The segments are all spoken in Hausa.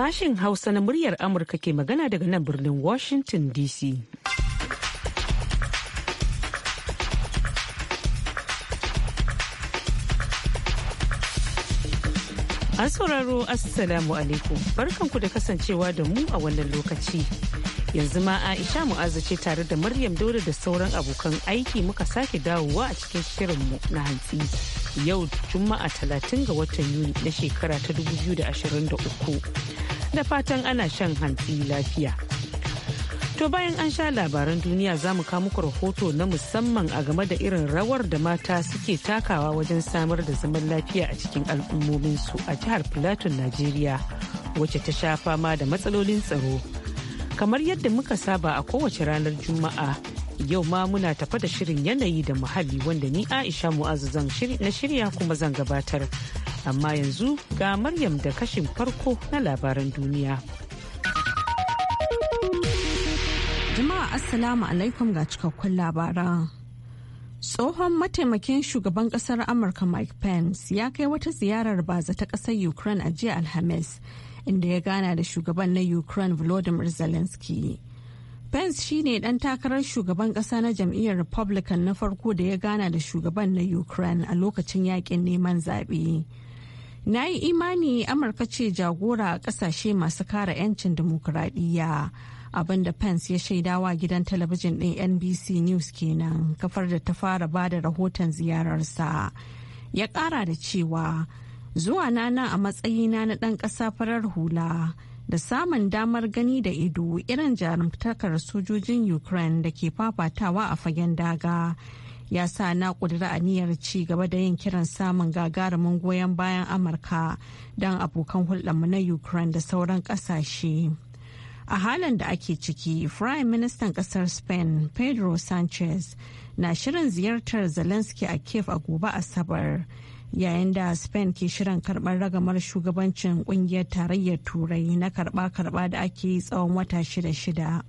Sashen Hausa na muryar Amurka ke magana daga nan birnin Washington DC. An sauraro Assalamu alaikum barkanku da kasancewa da mu a wannan lokaci. Yanzu ma Aisha Mu'azu ce tare da Maryam Dole da sauran abokan aiki muka sake dawowa a cikin shirinmu na hantsi. yau juma'a talatin ga watan yuni na shekara ta 2023 da fatan ana shan hantsi lafiya to bayan an sha labaran duniya za mu muku rahoto na musamman a game da irin rawar da mata suke takawa wajen samar da zaman lafiya a cikin al'ummominsu a jihar plateau najeriya wacce ta sha fama da matsalolin tsaro kamar yadda muka saba a kowace ranar juma'a yau ma muna tafa da shirin yanayi da muhalli wanda ni Aisha Mu'azu zan na shirya kuma zan gabatar. Amma yanzu ga Maryam da kashin farko na labaran duniya. Jama'a Assalamu alaikum ga cikakkun labaran. Tsohon mataimakin shugaban kasar Amurka Mike Pence ya kai wata ziyarar baza ta kasar Ukraine a jiya Alhamis, inda ya gana da shugaban na Ukraine Volodymyr Zelensky. Pence shine ɗan takarar shugaban ƙasa na jam'iyyar Republican na farko da ya gana da shugaban na Ukraine a lokacin yakin neman zaɓe. Na yi imani Amurka ce jagora a ƙasashe masu kare 'yancin dimokuraɗiyya. da Pence ya shaidawa gidan talabijin ɗin NBC News kenan kafar da ta fara ba da rahoton ziyararsa. Ya ƙara da cewa, zuwa na a matsayina na ɗan ƙasa farar hula. da samun damar gani da ido irin jarumtakar sojojin ukraine da ke fafatawa a fagen daga ya sa na kudura aniyar ci gaba da yin kiran samun gagarumin goyon bayan amurka don abokan hulɗarmu na ukraine da sauran ƙasashe a halin da ake ciki prime ministan ƙasar spain pedro sanchez na shirin ziyartar zelensky a kiev a gobe asabar. yayin da spain ke shirin karɓar ragamar shugabancin ƙungiyar tarayyar turai na karɓa-karɓa da ake yi tsawon wata shida-shida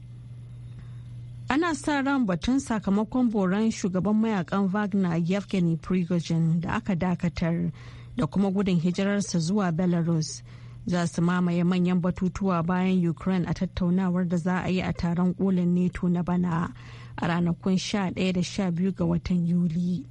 ana sa ran batun sakamakon boran shugaban mayakan wagner yevgeny prigozhin da aka dakatar da kuma gudun hijirarsa zuwa belarus za su mamaye manyan batutuwa bayan ukraine a tattaunawar da za a yi a taron kolin neto na bana a ranakun 11 da 12 ga watan yuli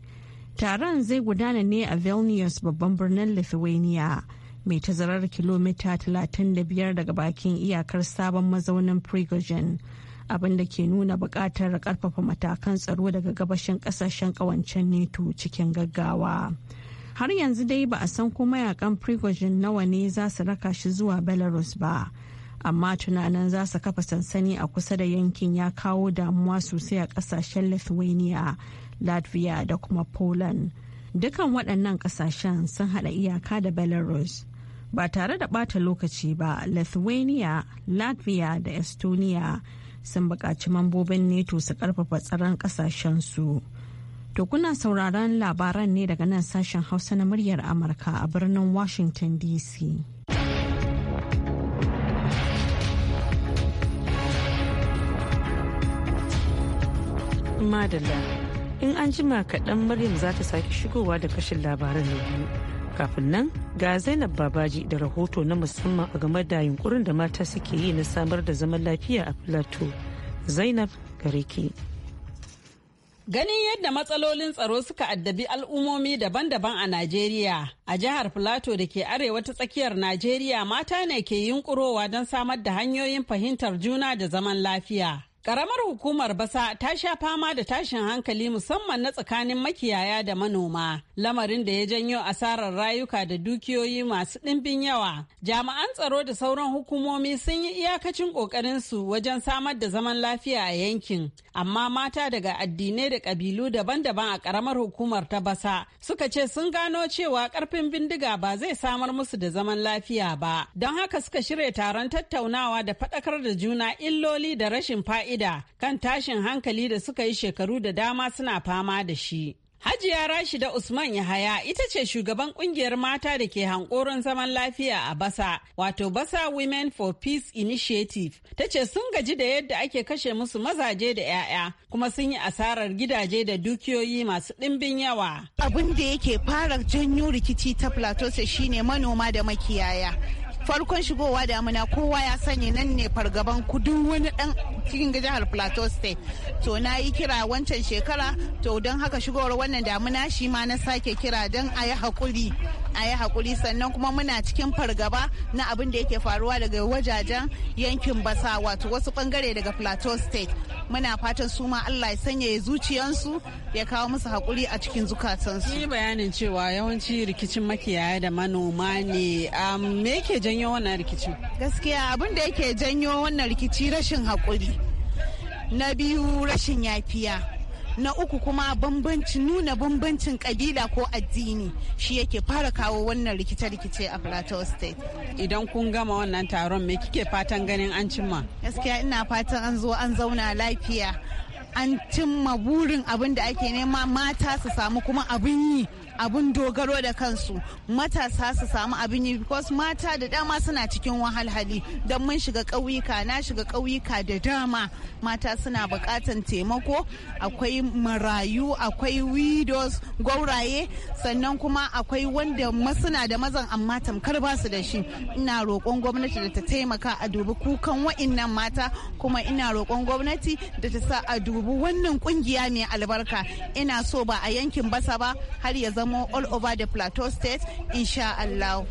Taron zai gudana ne a Vilnius babban birnin Lithuania mai tazarar kilomita 35 daga bakin iyakar sabon mazaunin Prigozhin abin da ke nuna buƙatar ƙarfafa matakan tsaro daga gabashin ƙasashen ƙawancen NATO cikin gaggawa. Har yanzu dai ba a san ko mayakan Prigozhin nawa ne za su raka shi zuwa Belarus ba. amma tunanin za su kafa sansani a kusa da yankin ya kawo damuwa sosai a kasashen lithuania latvia da kuma poland dukan waɗannan ƙasashen sun haɗa iyaka da belarus ba tare da ɓata lokaci ba lithuania latvia da estonia sun buƙaci mambobin neto su ƙarfafa tsaron ƙasashensu to kuna sauraron labaran ne daga nan sashen hausa na muryar amurka a birnin washington dc madalla in an jima kaɗan maryam za ta sake shigowa da kashin labaran na biyu kafin nan ga zainab babaji da rahoto na musamman a game da yunkurin da mata suke yi na samar da zaman lafiya a plateau zainab gareki ganin yadda matsalolin tsaro suka addabi al'ummomi daban-daban a najeriya a jihar plateau da ke arewa ta tsakiyar najeriya mata ne ke yunkurowa don samar da hanyoyin fahimtar juna da zaman lafiya Ƙaramar hukumar basa ta sha fama da tashin hankali musamman na tsakanin makiyaya da manoma, lamarin da ya janyo asarar rayuka da dukiyoyi masu ɗimbin yawa. Jami'an tsaro da sauran hukumomi sun yi iyakacin ƙoƙarinsu wajen samar da zaman lafiya a yankin, amma mata daga addinai da ƙabilu daban-daban a ƙaramar hukumar ta basa suka ce sun gano cewa ƙarfin bindiga ba zai samar musu da zaman lafiya ba, don haka suka shirya taron tattaunawa da faɗakar da juna illoli da rashin fa'i fa'ida kan tashin hankali da suka yi shekaru da dama suna fama da shi. Hajiya Rashida Usman Yahaya ita ce shugaban kungiyar mata da ke hankoron zaman lafiya a Basa, wato Basa Women for Peace Initiative. Ta ce sun gaji da yadda ake kashe musu mazaje da 'ya'ya kuma sun yi asarar gidaje da dukiyoyi masu ɗimbin yawa. Abin da yake fara janyo rikici ta Plateau shine manoma da makiyaya. farkon shigowa damuna kowa ya sanya nan ne fargaban kudin wani dan cikin jihar plateau state to na yi kira wancan shekara to don haka shigowar wannan damuna shi ma na sake kira don a yi hakuri a yi hakuri sannan kuma muna cikin fargaba na abin da yake faruwa daga wajajen yankin basa wato wasu bangare daga plateau state muna fatan su ma allah ya sanya zuciyansu ya kawo musu hakuri a cikin zukatansu. yi bayanin cewa yawanci rikicin makiyaya da manoma ne me ke janye. janyo wannan rikici gaskiya abin da yake janyo wannan rikici rashin haƙuri na biyu rashin yafiya na uku kuma bambanci nuna bambancin kabila ko addini shi yake fara kawo wannan rikice-rikice a plateau state idan kun gama wannan taron me kike fatan ganin an cimma gaskiya ina fatan an zo an zauna lafiya an cimma burin abin da ake nema mata su samu kuma abin yi abun dogaro da kansu matasa su samu abin yi because mata da dama suna cikin wahalhali don mun shiga ƙauyuka na shiga ƙauyuka da dama mata suna buƙatan taimako akwai marayu akwai widows gwauraye sannan kuma akwai wanda masuna da mazan amma tamkar ba su da shi ina roƙon gwamnati da ta taimaka a dubi kukan wa'innan mata kuma ina roƙon gwamnati da ta sa a dubi wannan ƙungiya mai albarka ina so ba a yankin basa ba har ya zama zamo all over the plateau state insha Allah.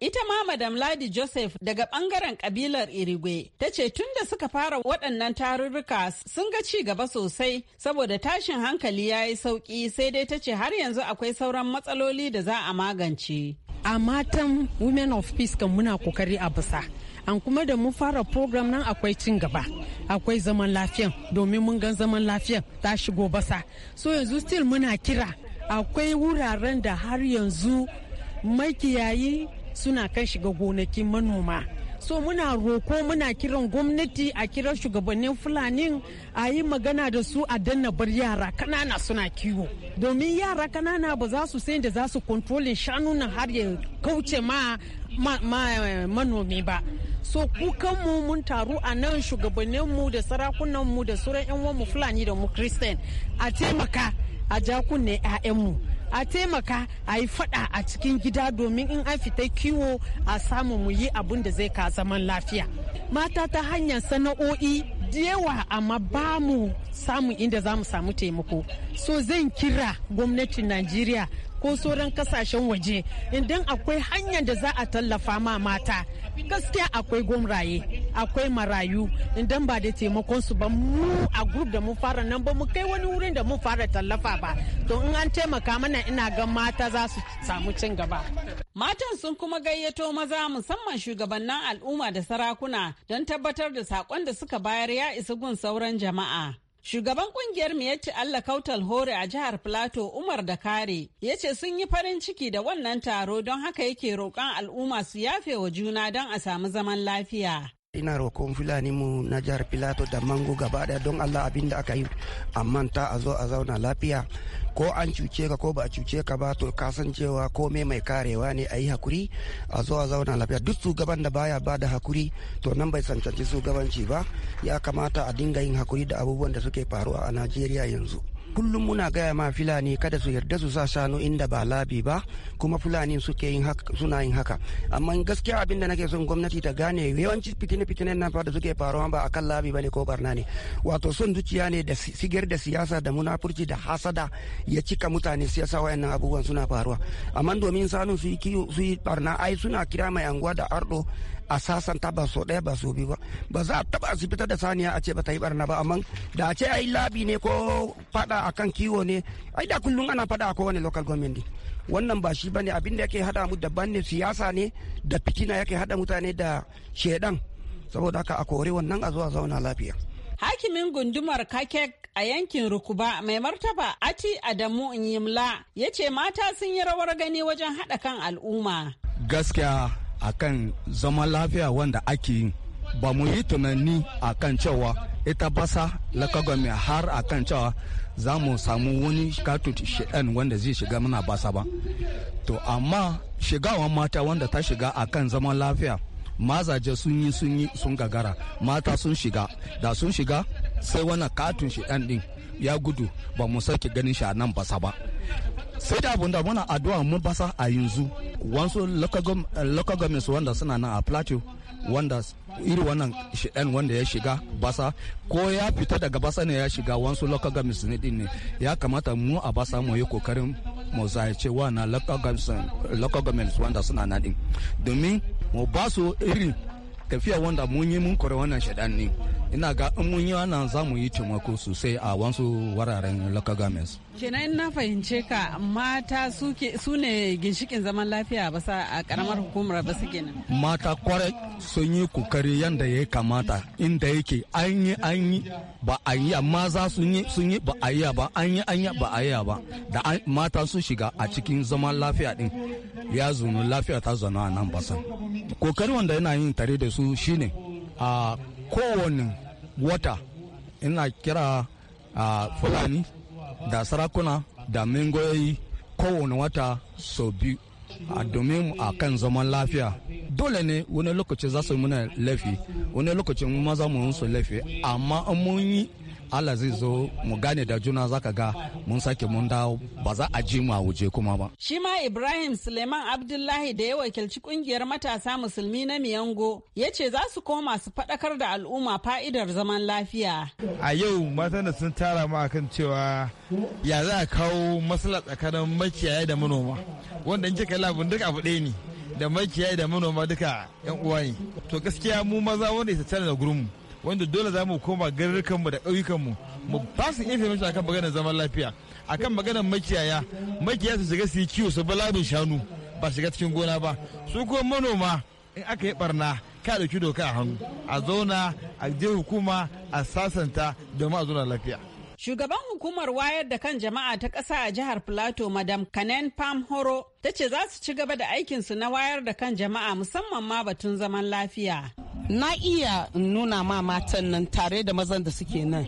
Ita ma Madam Ladi Joseph daga bangaren kabilar Irigwe ta ce tun da suka fara waɗannan tarurruka sun ga ci gaba sosai saboda tashin hankali ya yi sauƙi sai dai ta ce har yanzu akwai sauran matsaloli da za a magance. A matan Women of Peace kan muna kokari a bisa. an kuma da mun fara program nan akwai cin gaba akwai zaman lafiyan domin mun gan zaman lafiyan ta shigo basa so yanzu still muna kira akwai wuraren da har yanzu makiyayi suna kan shiga gonakin manoma so muna roko muna kiran gwamnati a kira shugabannin fulani a yi magana da su a danna bar yara kanana suna kiwo domin yara kanana ba za su sai da za su kontrolin shanunan har ya kauce ma manomi ba so kukanmu mun taru a nan shugabanninmu da sarakunanmu da sauran 'yan mu fulani da mu kristen a taimaka a jakunne kunne 'ya'yanmu a taimaka a yi fada a cikin gida domin in an fita kiwo a samu mu yi abin da zai ka zaman lafiya mata ta hanyar sana'o'i yawa amma ba mu samu inda za mu samu taimako so zan kira gwamnatin najeriya ko sauran kasashen waje idan akwai hanyar da za a tallafa ma mata gaskiya akwai gomraye akwai marayu idan ba da taimakon su ba mu a group da mun fara nan ba mu kai wani wurin da mun fara tallafa ba to in an taimaka mana ina ga mata za su samu cin gaba matan sun kuma gayyato maza musamman shugabannin al'umma da sarakuna don tabbatar da sakon da suka bayar ya isa gun sauran jama'a Shugaban kungiyar Miyatti Allah Kautal Hore a jihar Plato Umar da Kare ya ce sun yi farin ciki da wannan taro don haka yake roƙon al'umma su yafe wa juna don a samu zaman lafiya. ina roƙon fulani mu na jihar filato da mango gaba daya don allah abin da aka yi a manta a zo a zauna lafiya ko an cuce ka ko ba a cuce ka ba to ka san cewa komai mai karewa ne a yi hakuri a zo a zauna lafiya duk su gaban da baya ba da hakuri to nan bai cancanci gabanci ba ya kamata a dinga yin hakuri da abubuwan da suke faruwa a najeriya yanzu kullum muna gaya ma fulani kada su yarda su sa shanu inda ba labi ba kuma fulani suke yin haka suna yin haka amma gaskiya abin da nake son gwamnati ta gane yawanci fitine fitine nan fa da suke faruwa ba akan labi ba ne ko barna ne wato son zuciya ne da sigar da siyasa da munafurci da hasada ya cika mutane siyasa wayannan abubuwan suna faruwa amma domin sanu su yi barna ai suna kira mai anguwa da ardo a sasanta ba so ɗaya ba so biyu ba ba za a taba asibitar da saniya a ce ba ta yi barna ba amma da a ce ai labi ne ko fada akan kiwo ne ai da kullum ana fada a kowane local government wannan ba shi bane abinda da yake hada mu daban ne siyasa ne da fitina yake hada mutane da shedan saboda haka a kore wannan a zuwa zauna lafiya hakimin gundumar kakek a yankin rukuba mai martaba ati adamu yimla ya ce mata sun yi rawar gani wajen haɗa kan al'umma gaskiya akan zaman lafiya wanda ake yi ba mu yi tunani akan cewa ita basa lakagwami har akan cewa za mu samu wani katut shi'an wanda zai shiga muna basa ba to amma shigawan mata wanda ta shiga akan zaman lafiya mazaje sun yi sun yi sun gagara mata sun shiga da sun shiga sai wani katun shi'an din ya gudu ba mu sake ganin shi a nan basa ba sai da abun da muna addu'a mun basa a yanzu wasu local governments wanda suna nan a plateau wanda iri wannan shidan wanda ya shiga basa ko ya fita daga basa ne ya shiga wasu local governments ne din ne ya kamata mu a basa mu yi kokarin mu wa na local governments wanda suna nan din domin mu ba su irin tafiya wanda mun yi mun kore wannan shidan ne ina ga in mun yi wannan za mu yi taimako sosai a wasu wararen local governments kenan in na fahimce ka mata su ne ginshikin zaman lafiya ba sa a karamar hukumar ba su kenan mata kwarai sun yi kokari yadda ya kamata inda yake an yi an yi ba a yi amma za sun yi sun yi ba a yi ba an yi an yi ba a yi ba da mata sun shiga a cikin zaman lafiya din ya zunu lafiya ta zana a nan basan kokari wanda yana yin tare da su shine a kowane wata ina kira a fulani da sarakuna da mingoyoyi kowane wata sau biyu a domin a kan zaman lafiya dole ne wani lokaci za su muna laifi wani lokacin maza mu su laifi amma an mun yi Allah zai zo mu gane da juna zaka ga mun sake mun dawo ba za a ji mu a waje kuma ba. Shi ma Ibrahim Suleiman Abdullahi da ya wakilci kungiyar matasa musulmi na Miyango ya ce za su koma su faɗakar da al'umma fa'idar zaman lafiya. A yau matan sun tara mu akan cewa ya za a kawo masala tsakanin makiyaya da manoma wanda in kai labin duk abu ɗaya ne. da makiyayi da manoma duka yan uwa ne to gaskiya mu maza wanda ya tattara da gurin wanda dole za mu koma mu da ƙauyukanmu mu ba su information akan maganar zaman lafiya akan maganar makiyaya makiyaya su shiga su yi kiwo su balabin shanu ba shiga cikin gona ba su kuma manoma in aka yi barna ka dauki doka a hannu a zauna a je hukuma a sasanta domin a zauna lafiya. Shugaban hukumar wayar da kan jama'a ta ƙasa a jihar Filato, Madam Kanen Pam Horo, ta ce za su ci gaba da aikinsu na wayar da kan jama'a musamman ma batun zaman lafiya. na iya nuna ma matan nan tare da mazan da suke nan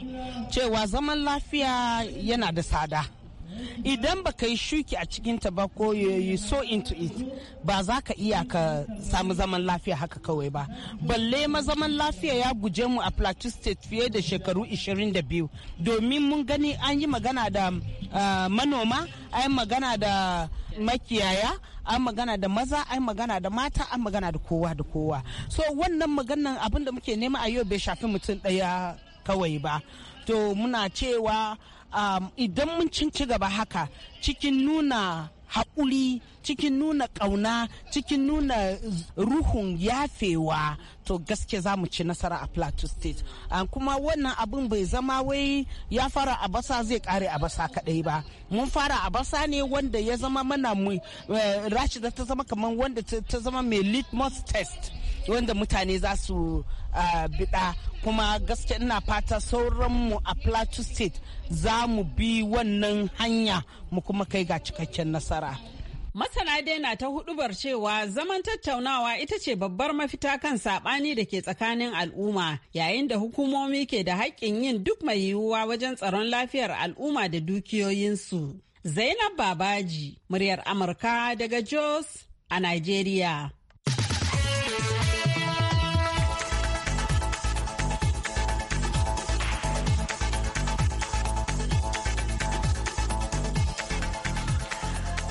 cewa zaman lafiya yana da tsada idan baka yi shuki a cikinta ba ko yi so into it ba za ka iya ka samu zaman lafiya haka kawai ba balle ma zaman lafiya ya guje mu a plateau state fiye da shekaru 22 domin mun gani an yi magana da uh, manoma an yi magana da makiyaya an magana da maza an magana da mata an magana da kowa da kowa so wannan maganan abin da muke nema a yau bai shafi mutum ɗaya kawai ba to muna cewa um, idan mun ci gaba haka cikin nuna haƙuri cikin nuna ƙauna cikin nuna ruhun yafewa to gaske za mu ci nasara a plateau state ah, kuma wannan abin bai zama wai ya fara a basa zai kare a basa kadai ba mun fara a basa ne wanda ya zama mana mu eh, rashida ta zama kamar wanda ta zama mai litmus test wanda mutane za su ah, bida kuma gaske ina fata sauranmu a plateau state za mu bi wannan hanya mu kuma kai ga cikakken nasara Masana dai na ta hudubar cewa zaman tattaunawa ita ce babbar mafita kan sabani da ke tsakanin al'umma yayin da hukumomi ke da haƙƙin yin duk mai yiwuwa wajen tsaron lafiyar al'umma da dukiyoyinsu. Zainab Babaji, muryar Amurka daga Jos a Nigeria.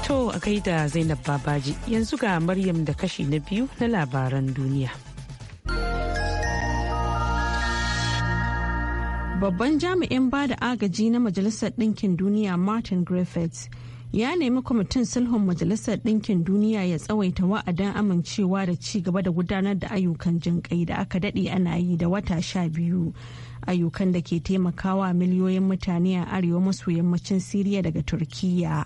To a da Zainab Babaji yanzu ga Maryam da kashi na biyu na labaran duniya. Babban jami'in ba da agaji na Majalisar Ɗinkin Duniya Martin Griffiths ya nemi kwamitin sulhun Majalisar Ɗinkin Duniya ya tsawaita wa'adin amincewa da ci gaba da gudanar da ayyukan jin kai da aka daɗe ana yi da wata sha biyu. Ayyukan da ke taimakawa miliyoyin mutane a arewa maso yammacin Siriya daga Turkiyya.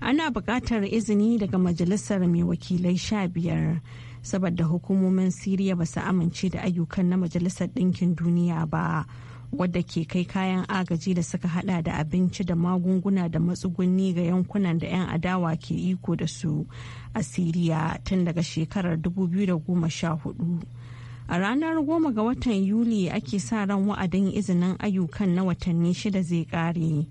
ana buƙatar izini daga majalisar mai wakilai sha biyar saboda hukumomin siriya ba su amince da ayyukan na majalisar ɗinkin duniya ba wadda ke kai kayan agaji da suka hada da abinci da magunguna da matsuguni ga yankunan da 'yan adawa ke iko da su a siriya tun daga shekarar 2014 a ranar goma ga watan yuli ake sa ran wa'adin izinin ayyukan na watanni shida zai kare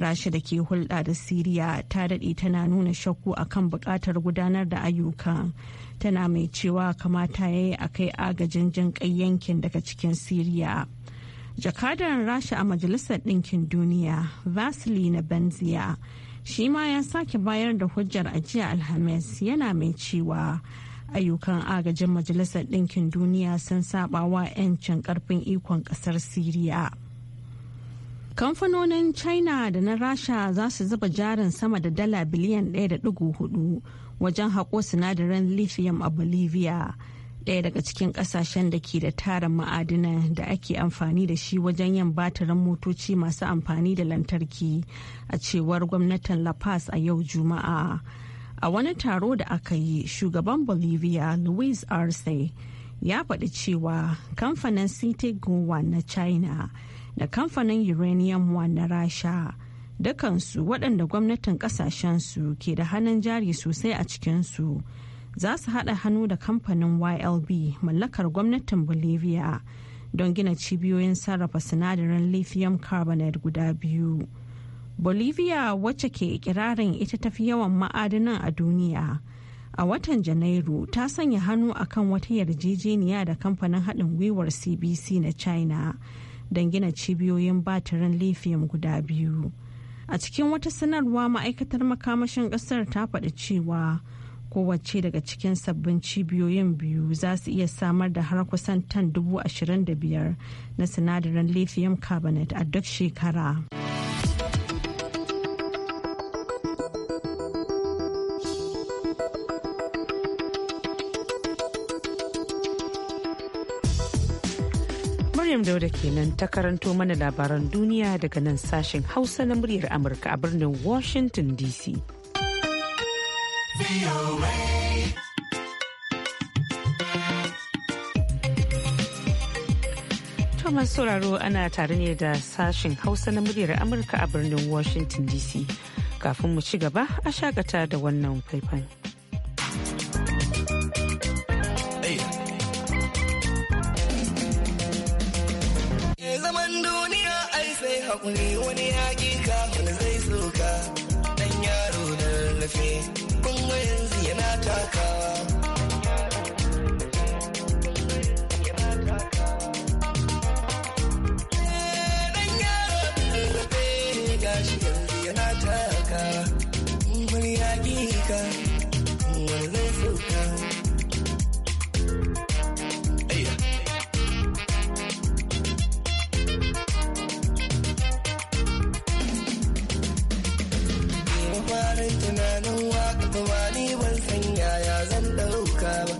rasha da ke hulɗa da siriya ta daɗe tana nuna shakku kan buƙatar gudanar da ayyuka tana mai cewa kamata ya yi a kai agajin jin ƙai yankin daga cikin siriya jakadar rasha a majalisar ɗinkin duniya vasily na benzia shi ma ya sake bayar da hujjar ajiya alhamis yana mai cewa ayyukan agajin majalisar ɗinkin duniya sun saɓa wa 'yancin ƙarfin ikon ƙasar siriya kamfanonin china da na rasha za su zuba jarin sama da dala biliyan 1.4 wajen haƙo sinadarin lithium a bolivia ɗaya daga cikin ƙasashen da ke da tarin ma'adinan da ake amfani da shi wajen yin batirin motoci masu amfani da lantarki a cewar gwamnatin la paz a yau juma'a a wani taro da aka yi shugaban bolivia luis arce ya faɗi cewa kamfanin city na china da kamfanin uranium wa na rasha dukansu waɗanda gwamnatin ƙasashensu ke da hannun jari sosai a cikinsu za su haɗa hannu da kamfanin ylb mallakar gwamnatin bolivia don gina cibiyoyin sarrafa sinadarin lithium carbonate guda biyu bolivia wacce ke ikirarin ita tafi yawan ma'adinan a duniya a watan janairu ta sanya hannu akan wata yarjejeniya da kamfanin haɗin gwiwar cbc na china don gina cibiyoyin batirin lithium guda biyu a cikin wata sanarwa ma'aikatar makamashin ƙasar ta faɗi cewa kowace daga cikin sabbin cibiyoyin biyu za su iya samar da har kusan tan 25,000 na sinadarin lithium carbonate a duk shekara. Maryam Dauda kenan ta karanto mana labaran duniya daga nan sashen Hausa na muryar Amurka a birnin Washington DC. Thomas sauraro ana tare ne da sashen Hausa na muryar Amurka a birnin Washington DC. Kafin mu ci gaba a shakata da wannan faifan. hakuri wani yaƙi kafin zai soka ɗan yaro na lafi kuma yanzu yana takawa tunanin waka kuma ni ban san yaya zan ɗauka ba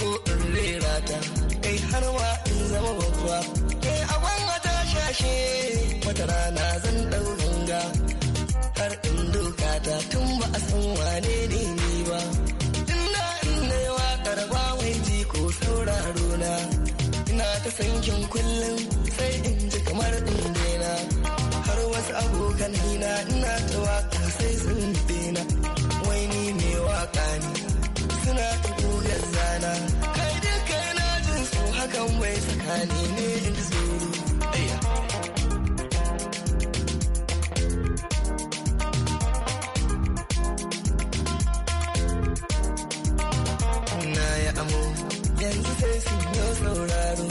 ko in rera ta kai har wa in zama babba kai eh, a gwangwata shashe wata rana zan ɗau ga. har in doka ta tun ba a san wane ne ni ba Ina ina na yi waƙar ba wai ko sauraro na ina ta sankin kullum sai in ji kamar in daina har wasu abokan hina ina ta waka. sai sun dena wai ni ne waka ni suna ta gogar zana kai duka na jin hakan wai tsakani ne in tsoro Na ya amo yanzu sai sun yi sauraro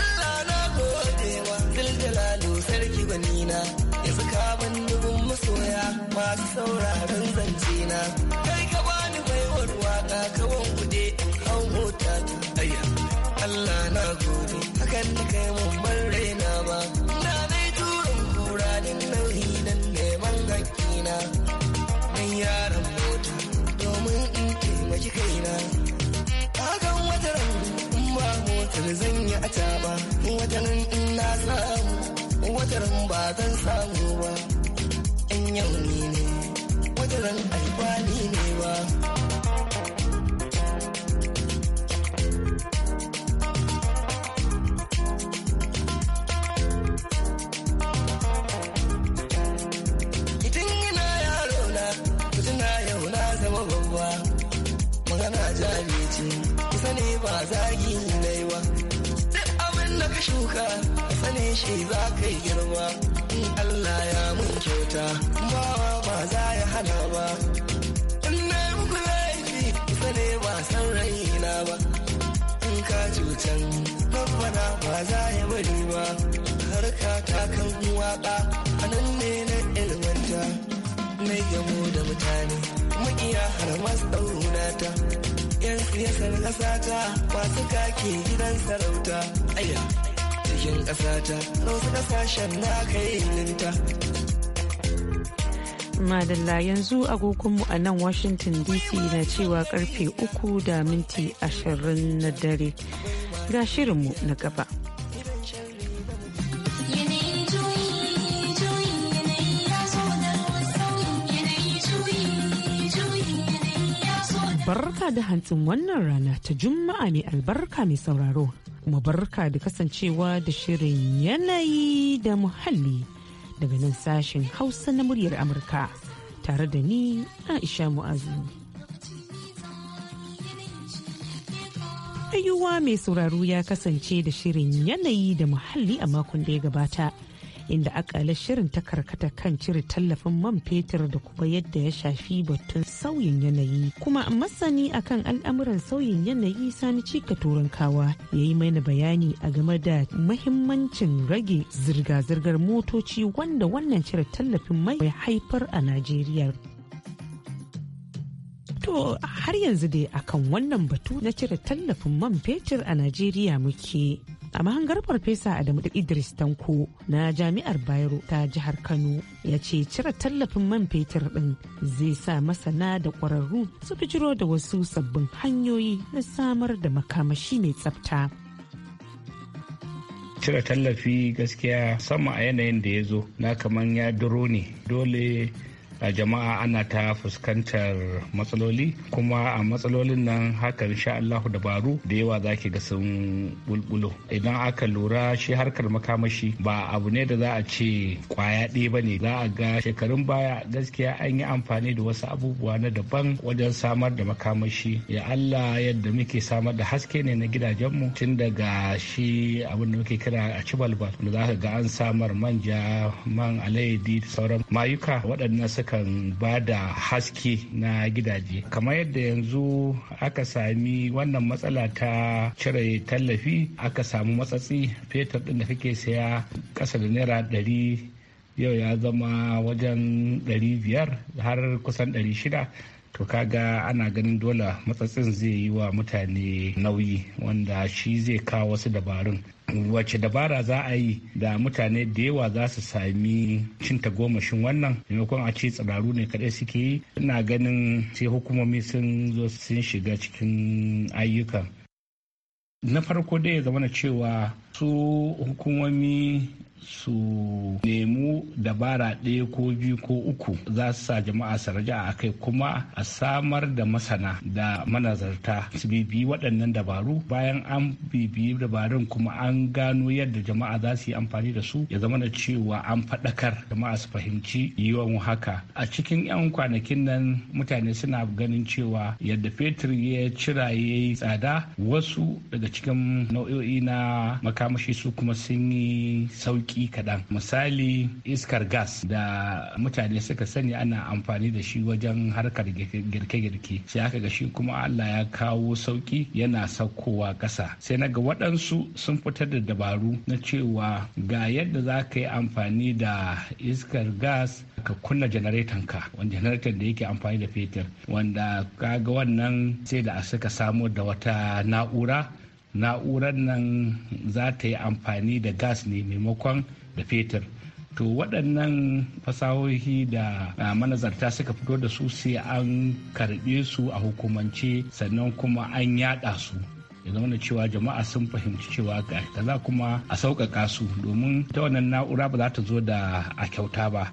Allah na godewa zil sarki gwanina. sauraron zance na kai ka bani baiwar waka kawan gude in hau mota ta Allah na gode hakan da kai mun bar raina ba na dai turin kura din nauyi dan neman na dan yaran mota domin in taimaki kaina Akan wataran in ba motar zan yi a taba wataran in na samu wataran ba zan samu ba in yau ne ran alfani ne ba Itin ina yaro na, tuna yau na zama babba, magana jari ce, kusa ne ba zagi na yi ba. Duk abin da ka shuka, sane shi za ka yi girma. in Allah ya mun kyauta bawa ba za ya hana ba in na muku laifi kusa ne ba san raina ba in ka cutan babbana ba za ya bari ba harka ta kan waka a nan ne na ilmanta na gamo da mutane makiya har masu ɗauna ta yan siyasar ƙasa ta masu kake gidan sarauta aya cikin ƙasata wasu ƙasashen aka yi ilinta. Madalla yanzu agogonmu a nan Washington DC na cewa karfe uku da minti ashirin na dare. Ga shirinmu na gaba. Barka da hantsin wannan rana ta Juma'a mai albarka mai sauraro, kuma barka da kasancewa da shirin yanayi da muhalli daga nan sashen Hausa na muryar Amurka tare da ni Aisha Mu'azu. Ayyuwa mai sauraro ya kasance da shirin yanayi da muhalli a makon da ya gabata inda aka ala shirin ta karkata kan cire tallafin man fetur da kuma yadda ya shafi batun sauyin yanayi kuma masani akan al'amuran sauyin yanayi sani cika turankawa ya yi mana bayani a game da mahimmancin rage zirga-zirgar motoci wanda wannan cire tallafin mai haifar a najeriya To har yanzu dai akan wannan batu na cire tallafin man fetur a Najeriya muke a mahangar farfesa adamu idris tanko na jami'ar bayero ta jihar kano ya ce cire tallafin man fetur din zai sa masana da kwararru su jiro da wasu sabbin hanyoyi na samar da makamashi mai tsafta cire tallafi gaskiya sama a yanayin da ya zo na kaman ya duro ne dole jama'a ana ta fuskantar matsaloli kuma a matsalolin nan hakan sha Allahu dabaru da yawa za ga sun bulbulo idan aka lura shi harkar makamashi ba abu ne da za a ce kwaya ɗaya ba ne za a ga shekarun baya gaskiya an yi amfani da wasu abubuwa na daban wajen samar da makamashi ya Allah yadda muke samar da haske ne na gidajenmu tun daga shi abin da muke kira a cibalbal da za ka ga an samar manja man alayyadi sauran mayuka waɗannan suka kan ba da haske na gidaje kamar yadda yanzu aka sami wannan matsala ta cire tallafi aka samu matsatsi fetur ɗin da kake saya ƙasa da naira ɗari yau ya zama wajen biyar har kusan shida. to kaga ana ganin dole matsatsin zai yi wa mutane nauyi wanda shi zai kawo wasu dabarun wace dabara za a yi da mutane da yawa za su sami cin tagomashin wannan maimakon a ce tsiraru ne kaɗai suke yi ina ganin sai hukumomi sun zo sun shiga cikin ayyukan na farko dai zama na cewa su hukumomi su nemu dabara ɗaya ko biyu ko uku za su sa jama'a su raja a kai kuma a samar da masana da manazarta su bibiyi waɗannan dabaru bayan an bibiyi dabarun kuma an gano yadda jama'a za su yi amfani da su ya zama da cewa an faɗakar jama'a su fahimci yiwon haka a cikin 'yan kwanakin nan mutane suna ganin cewa yadda fetur ya cira ya yi tsada wasu daga cikin nau'o'i na makamashi su kuma sun yi sauki sauki kaɗan misali iskar gas da mutane suka sani ana amfani da shi wajen harkar girke-girke sai aka ga shi kuma allah ya kawo sauki yana saukowa ƙasa sai na ga waɗansu sun fitar da dabaru na cewa ga yadda za ka yi amfani da iskar gas ka kunna janaraitan ka wanda janaraitan da yake amfani da fetur wanda kaga wannan sai da suka samu da wata na'ura na'urar nan za ta yi amfani da gas ne maimakon da fetur to waɗannan fasahohi da manazarta suka fito da su sai an karɓe su a hukumance sannan kuma an yaɗa su ya zama cewa jama'a sun fahimci cewa ga kaza kuma a sauƙaƙa su domin ta wannan na'ura ba za ta zo da a kyauta ba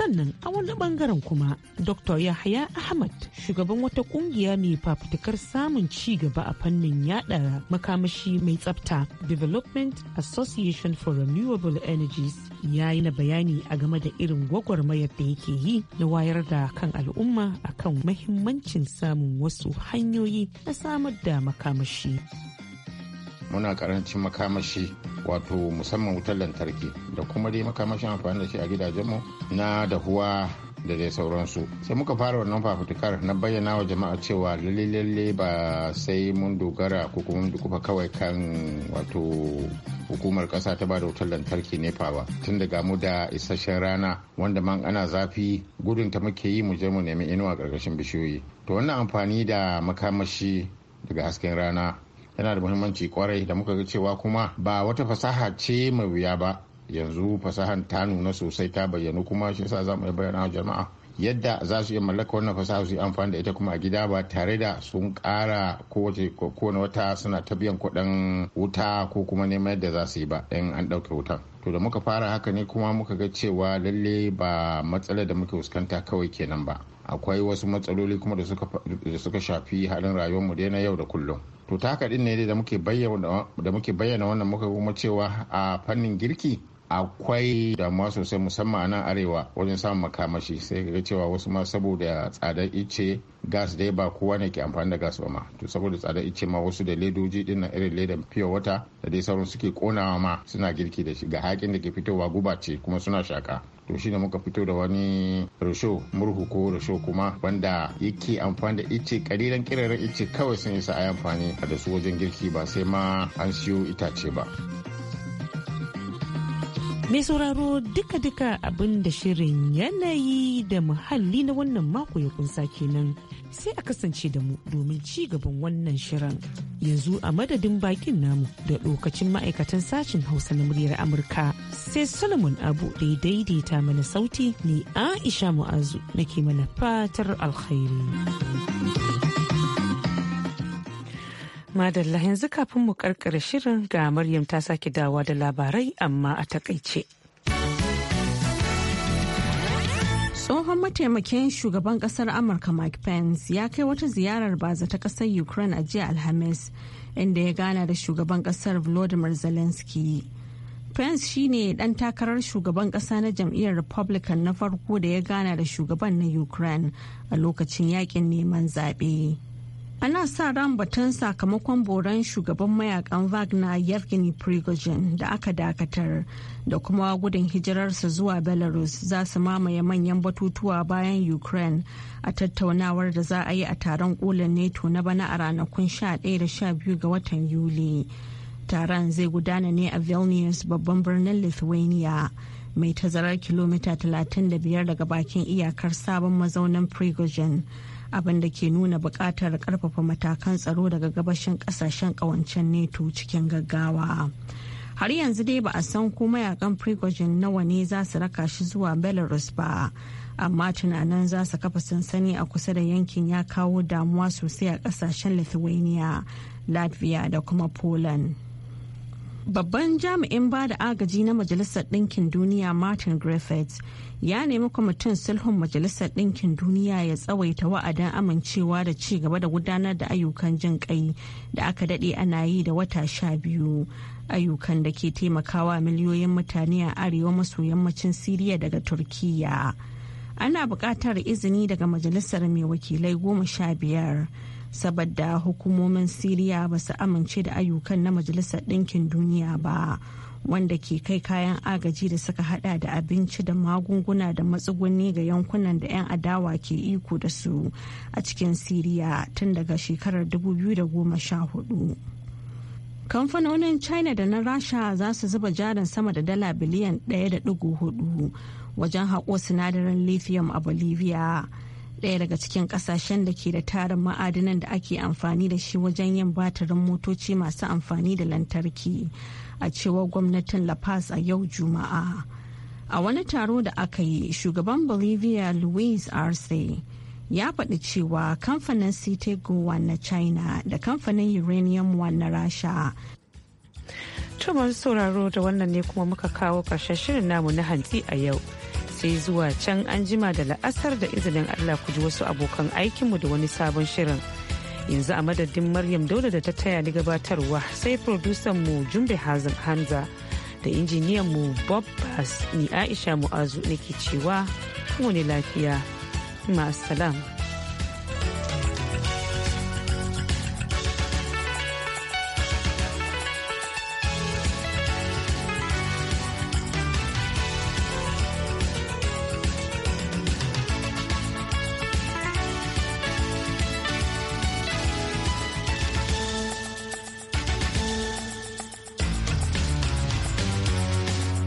sannan a wani bangaren kuma dr yahaya ahmad shugaban wata kungiya mai fafutukar samun ci gaba a fannin yada makamashi mai tsafta development association for renewable energies ya yi na bayani a game da irin gwagwarmayar da yake yi na wayar da kan al'umma akan mahimmancin samun wasu hanyoyi na samar da makamashi muna karancin makamashi wato musamman wutar lantarki da kuma dai makamashin amfani da shi a gidajenmu na dahuwa da dai sauransu sai muka fara wannan fafutukar na bayyana wa jama'a cewa lalle lalle ba sai mun dogara ko kuma mun kawai kan wato hukumar kasa ta bada wutar lantarki nefa ba tun daga mu da isasshen rana wanda man ana zafi gudun ta muke yi mu je mu nemi inuwa karkashin bishiyoyi to wannan amfani da makamashi daga hasken rana yana da muhimmanci kwarai da muka ga cewa kuma ba wata fasaha ce mai wuya ba yanzu fasahan ta nuna sosai ta bayyanu kuma shi yasa za mu yi bayyana jama'a yadda za su iya mallaka wannan fasaha su yi amfani da ita kuma a gida ba tare da sun kara kowane wata suna ta biyan kuɗin wuta ko kuma neman yadda za su yi ba in an ɗauke wuta to da muka fara haka ne kuma muka ga cewa lalle ba matsalar da muke fuskanta kawai kenan ba akwai wasu matsaloli kuma da suka shafi halin rayuwar mu na yau da kullum to ta haka ne da muke bayyana wannan muka kuma cewa a fannin girki akwai damuwa sosai musamman a nan arewa wajen samun makamashi sai ga cewa wasu ma saboda tsadar ice gas dai ba kowa ne ke amfani da gas ba ma to saboda tsadar ice ma wasu da ledoji din nan irin ledan fiye wata da dai sauran suke konawa ma suna girki da shi ga hakin da ke fitowa guba ce kuma suna shaka to shine muka fito da wani risho murhu ko rasho kuma wanda yake amfani da ice kariran kirarin ice kawai sun isa a amfani da su wajen girki ba sai ma an siyo itace ba Mai sauraro duka-duka abin da shirin yanayi da muhalli na wannan mako ya kunsa kenan sai a kasance da mu domin ci gaban wannan shirin. Yanzu a madadin bakin namu da lokacin ma'aikatan sashen Hausa na muryar Amurka sai Solomon Abu da ya daidaita mana sauti ne Aisha Mu'azu nake mana fatar alkhairi. Madalla yanzu kafin mu karkare shirin ga Maryam ta sake dawa da labarai amma a takaice. Tsohon mataimakin shugaban kasar Amurka Mike Pence ya kai wata ziyarar baza ta kasar Ukraine a jiya Alhamis inda ya gana da shugaban kasar Volodymyr Zelensky. Pence shine ɗan takarar shugaban ƙasa na jam'iyyar Republican na farko da ya gana da shugaban na Ukraine a lokacin yakin neman zaɓe. ana sa ran batun sakamakon boran shugaban mayakan wagner yevgeny prigozhin da aka dakatar da kuma gudun hijirarsa zuwa belarus za su mamaye manyan batutuwa bayan ukraine a tattaunawar da za a yi a taron kolin nato na bana a ranakun 11 da 12 ga watan yuli taron zai gudana ne a vilnius babban birnin lithuania mai tazarar kilomita 35 daga bakin iyakar sabon mazaunin prigozhin abin da ke nuna buƙatar ƙarfafa matakan tsaro daga gabashin ƙasashen ƙawancen neto cikin gaggawa har yanzu dai ba a san ko mayakan prigozhin nawa ne za su raka shi zuwa belarus ba amma tunanin za su kafa sansani a kusa da yankin ya kawo damuwa sosai a ƙasashen lithuania latvia da kuma poland babban jami'in ba da agaji na majalisar ɗinkin duniya martin griffiths ya nemi kwamitin sulhun majalisar ɗinkin duniya ya tsawaita wa'adin amincewa da ci gaba da gudanar da ayyukan jin kai da aka daɗe ana yi da wata sha biyu ayyukan da ke taimakawa miliyoyin mutane a arewa maso yammacin siriya daga turkiya ana buƙatar izini daga majalisar mai wakilai goma sha biyar saboda hukumomin siriya ba su amince da ayyukan na majalisar ɗinkin duniya ba wanda ke kai kayan agaji da suka hada da abinci da magunguna da matsuguni ga yankunan da 'yan adawa ke iko da su a cikin siriya tun daga shekarar 2014 kamfanonin china da na rasha za su zuba jarin sama da dala biliyan 1.4 wajen haƙo sinadarin lithium a bolivia ɗaya daga cikin ƙasashen da ke da tarin ma'adinan da ake amfani da shi wajen yin batirin motoci masu amfani da lantarki a cewar gwamnatin La Paz a yau Juma'a. A wani taro da aka yi, shugaban Bolivia Luis Arce ya faɗi cewa kamfanin Citego na China da kamfanin Uranium One na Rasha To masu sauraro da wannan ne kuma muka kawo ƙarshen shirin namu na hantsi a yau. Sai zuwa can an jima da la'asar da izinin Allah ku ji wasu abokan aikinmu da wani sabon shirin. yanzu a madadin maryam dole da ta taya ni gabatarwa sai mu jumbe hanza da injiniyan mu bob bass ni aisha mu'azu nake cewa kuma ne lafiya ma'asalam.